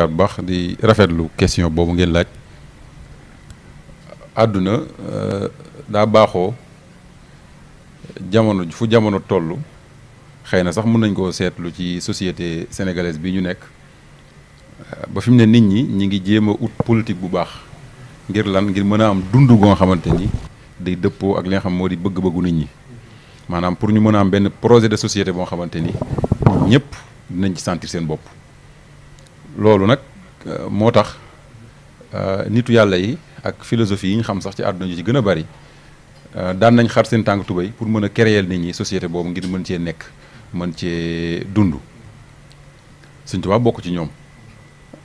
ziar baax di rafetlu question bobu ngeen laaj aduna euh, da baxo jamono fu jamono tollu xeyna sax mën nañ ko setlu ci société sénégalaise bi ñu nek ba fimne nit ñi ñi ngi jema out politique bu bax ngir lan ngir mëna am dundu go xamanteni day ak li nga xam modi bëgg-bëggu nit ñi manam pour ñu mëna am ben projet de société bo xamanteni ni dinañ ci sentir seen bopp loolu nag euh, moo tax euh, nitu yàlla yi ak philosophie yi ñu xam sax ci àdduna ji ci gën a bari euh, daan nañ xar seen tànk tubéy pour mën a créer nit ñi société boobu ngir mën cee nekk mën cee dund Sëñ Tuubaa bokk ci ñoom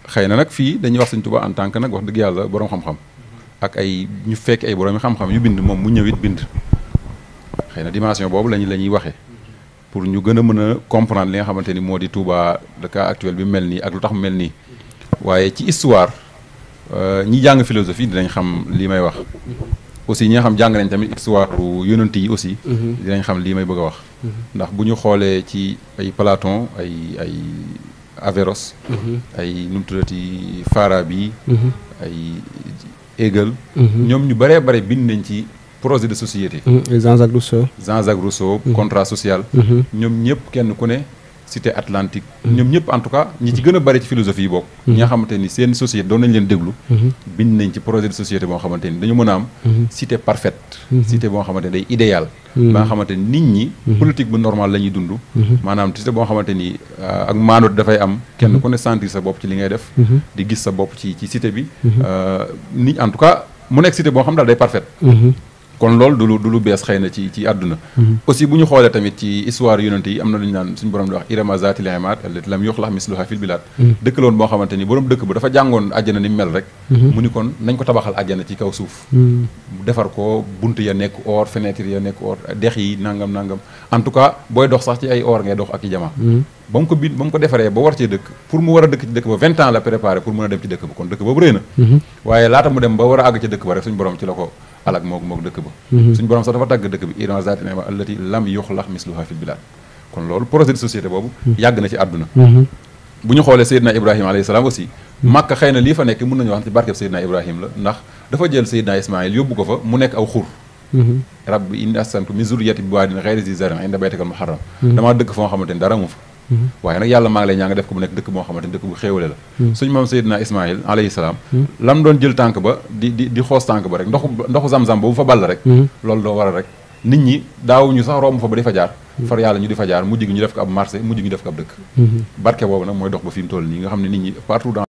xëy na nag fii dañuy wax Sëñ Tuubaa en tant que nag wax dëgg yàlla borom xam-xam ak ay ñu fekk ay borom xam-xam yu bind moom mu ñëwit bind xëy na dimension boobu lañu la ñuy waxee pour ñu gëna mëna comprendre li nga xamanteni modi Touba le cas actuel bi melni ak lutax melni mu ci histoire euh ñi jàng philosophie dinañ xam li may wax aussi ñi nga xam jàng nañ tamit histoire yonent yi aussi mhm. dinañ xam li may bëgg wax mhm. ndax buñu xolé ci ay Platon ay ay Averroès mhm. ay num mu Farabi ay Hegel ñom ñu bëree bare bind nañ ci projet de société. Mm, Jean-Jacques Rousseau. Jean-Jacques Rousseau mm-hmm. contrat social. Mm-hmm. ñoom ñëpp kenn ku ne cité atlantique. Mm-hmm. ñoom ñëpp en tout cas ñi ci gën bari ci philosophie yi nga xamante ni société doon nañ leen déglu. bind nañ ci projet de société bon xamante de dañu mën am. cité parfaite. cité bon xamante day idéal. ba nga ni nit ñi. politique bu normal la ñuy dund. maanaam cité boo xamante ni euh, ak maanut dafay am. kenn ku ne sentir sa bopp ci li ngay def. di gis sa bopp ci cité bi. Euh, nit en tout cas mu nekk cité boo xam daal day parfaite. kon loolu du lu du lu bees xëy na ci ci àdduna mm-hmm. aussi bu ñu xoolee tamit ci histoire yonante yi am na lu ñu naan suñu borom di wax irama zaatil imaad mm-hmm. mm-hmm. mu ni kon nañ ko tabaxal àjjana ci kaw suuf defar ko bunt ya nekk or fenêtre ya nekk or dex yi nangam nangam en booy dox sax ci ay or ngay dox ak i jamaa ba mu ko bi ba mu ko defaree ba war dëkk pour mu war a dëkk ci dëkk ba vingt ans la préparé pour mën a dem ci dëkk ba kon dëkk boobu rëy na waaye ko alak mok mok dëkk ba suñu borom sax dafa tàgg dëkk bi iran zati nema allati lam yukhlaq misluha fil bilad kon lolu projet de société bobu yag na ci aduna buñu xolé xoolee ibrahim alayhi salam aussi Màkka xeyna li fa nek mën nañu wax ci barke Seydina ibrahim la ndax dafa jël Seydina ismaeil yóbbu ko fa mu nek aw khur rabbi inna asantu min zurriyati bi waadin ghayri zi zarin inda baytikal muharram dama dëkk fo xamanteni dara mu fa Mm-hmm. waaye nag yàlla maa ngi lay ñaa nga def ko bu nekk dëkk boo xamante ni dëkk bu xéewale la mm-hmm. suñu maam Seydina Ismaïl alayhi salaam mm-hmm. lam doon jël tànk ba di di xoos tànk ba rek ndoxu ndoxu zam-zam boobu fa ball rek loolu doo waral rek nit ñi daaw ñu sax romb fa ba di fa far yàlla ñu di fa mujj gi ñu def ko ab marché mujj gi ñu def ko ab dëkk barke boobu nag mooy dox ba fi toll nii nga xam ne nit ñi partout dans